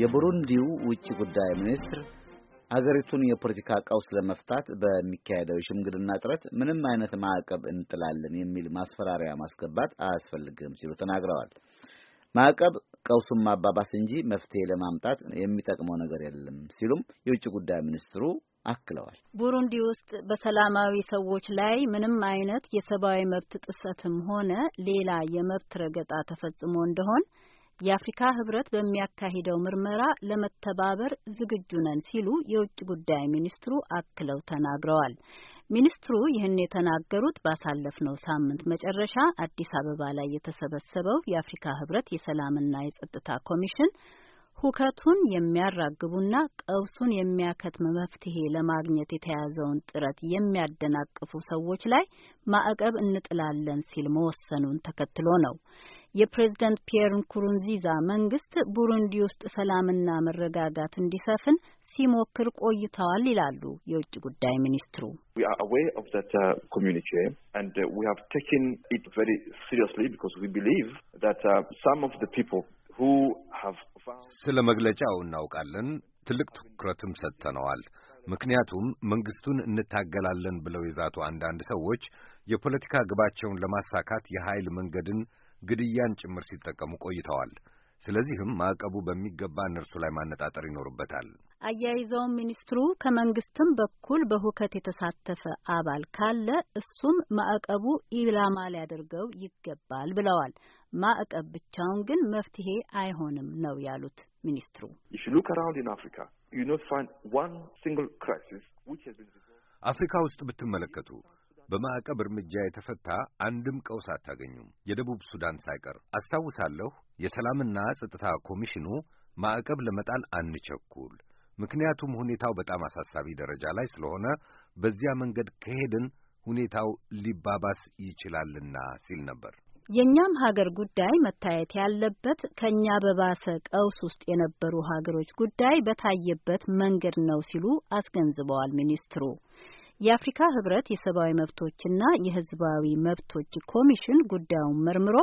የቡሩንዲው ውጭ ጉዳይ ሚኒስትር አገሪቱን የፖለቲካ ቀውስ ለመፍታት በሚካሄደው የሽምግልና ጥረት ምንም አይነት ማዕቀብ እንጥላለን የሚል ማስፈራሪያ ማስገባት አያስፈልግም ሲሉ ተናግረዋል። ማዕቀብ ቀውሱን ማባባስ እንጂ መፍትሄ ለማምጣት የሚጠቅመው ነገር የለም ሲሉም የውጭ ጉዳይ ሚኒስትሩ አክለዋል። ቡሩንዲ ውስጥ በሰላማዊ ሰዎች ላይ ምንም አይነት የሰብአዊ መብት ጥሰትም ሆነ ሌላ የመብት ረገጣ ተፈጽሞ እንደሆን የአፍሪካ ህብረት በሚያካሂደው ምርመራ ለመተባበር ዝግጁ ነን ሲሉ የውጭ ጉዳይ ሚኒስትሩ አክለው ተናግረዋል። ሚኒስትሩ ይህን የተናገሩት ባሳለፍነው ሳምንት መጨረሻ አዲስ አበባ ላይ የተሰበሰበው የአፍሪካ ህብረት የሰላምና የጸጥታ ኮሚሽን ሁከቱን የሚያራግቡና ቀውሱን የሚያከትም መፍትሄ ለማግኘት የተያዘውን ጥረት የሚያደናቅፉ ሰዎች ላይ ማዕቀብ እንጥላለን ሲል መወሰኑን ተከትሎ ነው። የፕሬዝደንት ፒየር ንኩሩንዚዛ መንግስት ቡሩንዲ ውስጥ ሰላምና መረጋጋት እንዲሰፍን ሲሞክር ቆይተዋል ይላሉ የውጭ ጉዳይ ሚኒስትሩ። uh, uh, uh, ስለ መግለጫው እናውቃለን፣ ትልቅ ትኩረትም ሰጥተነዋል። ምክንያቱም መንግስቱን እንታገላለን ብለው የዛቱ አንዳንድ ሰዎች የፖለቲካ ግባቸውን ለማሳካት የኃይል መንገድን ግድያን ጭምር ሲጠቀሙ ቆይተዋል። ስለዚህም ማዕቀቡ በሚገባ እነርሱ ላይ ማነጣጠር ይኖርበታል። አያይዘውም ሚኒስትሩ ከመንግስትም በኩል በሁከት የተሳተፈ አባል ካለ እሱም ማዕቀቡ ኢላማ ሊያደርገው ይገባል ብለዋል። ማዕቀብ ብቻውን ግን መፍትሄ አይሆንም ነው ያሉት ሚኒስትሩ። አፍሪካ ውስጥ ብትመለከቱ በማዕቀብ እርምጃ የተፈታ አንድም ቀውስ አታገኙም፣ የደቡብ ሱዳን ሳይቀር። አስታውሳለሁ የሰላምና ጸጥታ ኮሚሽኑ ማዕቀብ ለመጣል አንቸኩል፣ ምክንያቱም ሁኔታው በጣም አሳሳቢ ደረጃ ላይ ስለሆነ በዚያ መንገድ ከሄድን ሁኔታው ሊባባስ ይችላልና ሲል ነበር። የእኛም ሀገር ጉዳይ መታየት ያለበት ከእኛ በባሰ ቀውስ ውስጥ የነበሩ ሀገሮች ጉዳይ በታየበት መንገድ ነው ሲሉ አስገንዝበዋል ሚኒስትሩ። የአፍሪካ ህብረት የሰብአዊ መብቶችና የህዝባዊ መብቶች ኮሚሽን ጉዳዩን መርምሮ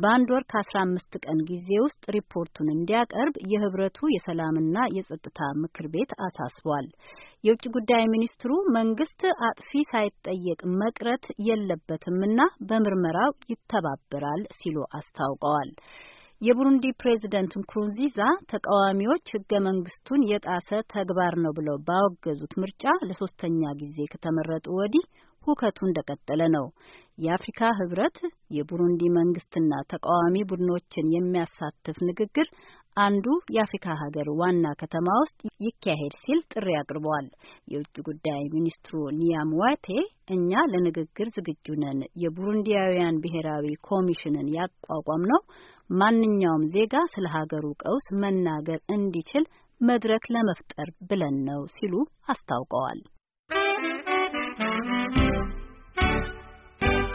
በአንድ ወር ከአስራ አምስት ቀን ጊዜ ውስጥ ሪፖርቱን እንዲያቀርብ የህብረቱ የሰላምና የጸጥታ ምክር ቤት አሳስቧል። የውጭ ጉዳይ ሚኒስትሩ መንግስት አጥፊ ሳይጠየቅ መቅረት የለበትምና በምርመራው ይተባበራል ሲሉ አስታውቀዋል። የቡሩንዲ ፕሬዝደንት ንኩሩንዚዛ ተቃዋሚዎች ህገ መንግስቱን የጣሰ ተግባር ነው ብለው ባወገዙት ምርጫ ለሶስተኛ ጊዜ ከተመረጡ ወዲህ ሁከቱ እንደቀጠለ ነው። የአፍሪካ ህብረት የቡሩንዲ መንግስትና ተቃዋሚ ቡድኖችን የሚያሳትፍ ንግግር አንዱ የአፍሪካ ሀገር ዋና ከተማ ውስጥ ይካሄድ ሲል ጥሪ አቅርበዋል። የውጭ ጉዳይ ሚኒስትሩ ኒያምዋቴ እኛ ለንግግር ዝግጁ ነን፣ የቡሩንዲያውያን ብሔራዊ ኮሚሽንን ያቋቋም ነው ማንኛውም ዜጋ ስለ ሀገሩ ቀውስ መናገር እንዲችል መድረክ ለመፍጠር ብለን ነው ሲሉ አስታውቀዋል።